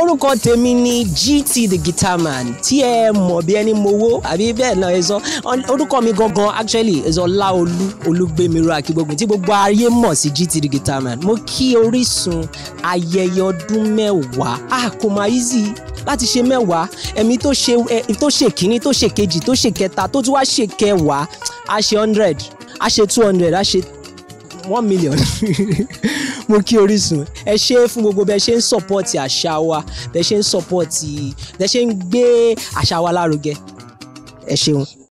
orúkọ tèmi ni GT the guitar man tí ẹ mọ̀ bí ẹni mowó àbí bẹ́ẹ̀ náà ẹ sọ orúkọ mi gangan actually ẹ sọ láolú olúgbẹmíró akígbógun tí gbogbo ayé mọ̀ sí GT the guitar man mo kí Orísun ayẹyẹ ọdún mẹ́wàá a ah, kò máa easy láti ṣe mẹ́wàá ẹ̀mí tó ṣe tó ṣe kínní tó ṣe kejì tó ṣe kẹta tó tún wá ṣe kẹwàá a ṣe hundred a ṣe two hundred a ṣe one million mo kí Orísun ẹ ṣe fún gbogbo bẹ ṣe ń sọpọ́ọ̀tì àṣà wa bẹ ṣe ń sọpọ́ọ̀tì bẹ ṣe ń gbé àṣà wa lárugẹ ẹ ṣeun.